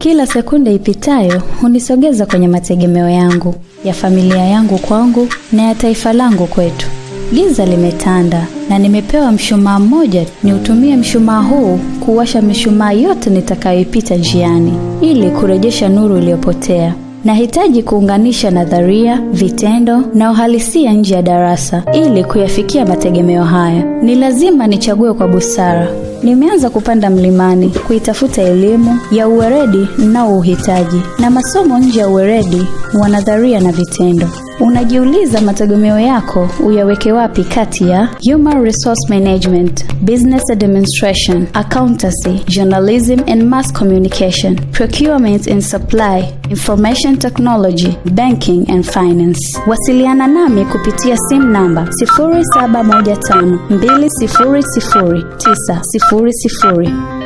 Kila sekunde ipitayo hunisogeza kwenye mategemeo yangu ya familia yangu kwangu na ya taifa langu kwetu. Giza limetanda na nimepewa mshumaa mmoja, niutumie mshumaa huu kuwasha mishumaa yote nitakayoipita njiani ili kurejesha nuru iliyopotea. Nahitaji kuunganisha nadharia, vitendo na uhalisia nje ya darasa ili kuyafikia mategemeo haya. Ni lazima nichague kwa busara. Nimeanza kupanda mlimani kuitafuta elimu ya uweredi uhitaji na masomo nje ya uweredi wanadharia na vitendo. Unajiuliza mategemeo yako uyaweke wapi kati ya human resource management, business administration, accountancy, journalism and mass communication, procurement and supply, information technology, banking and finance. Wasiliana nami kupitia simu namba 0715200900.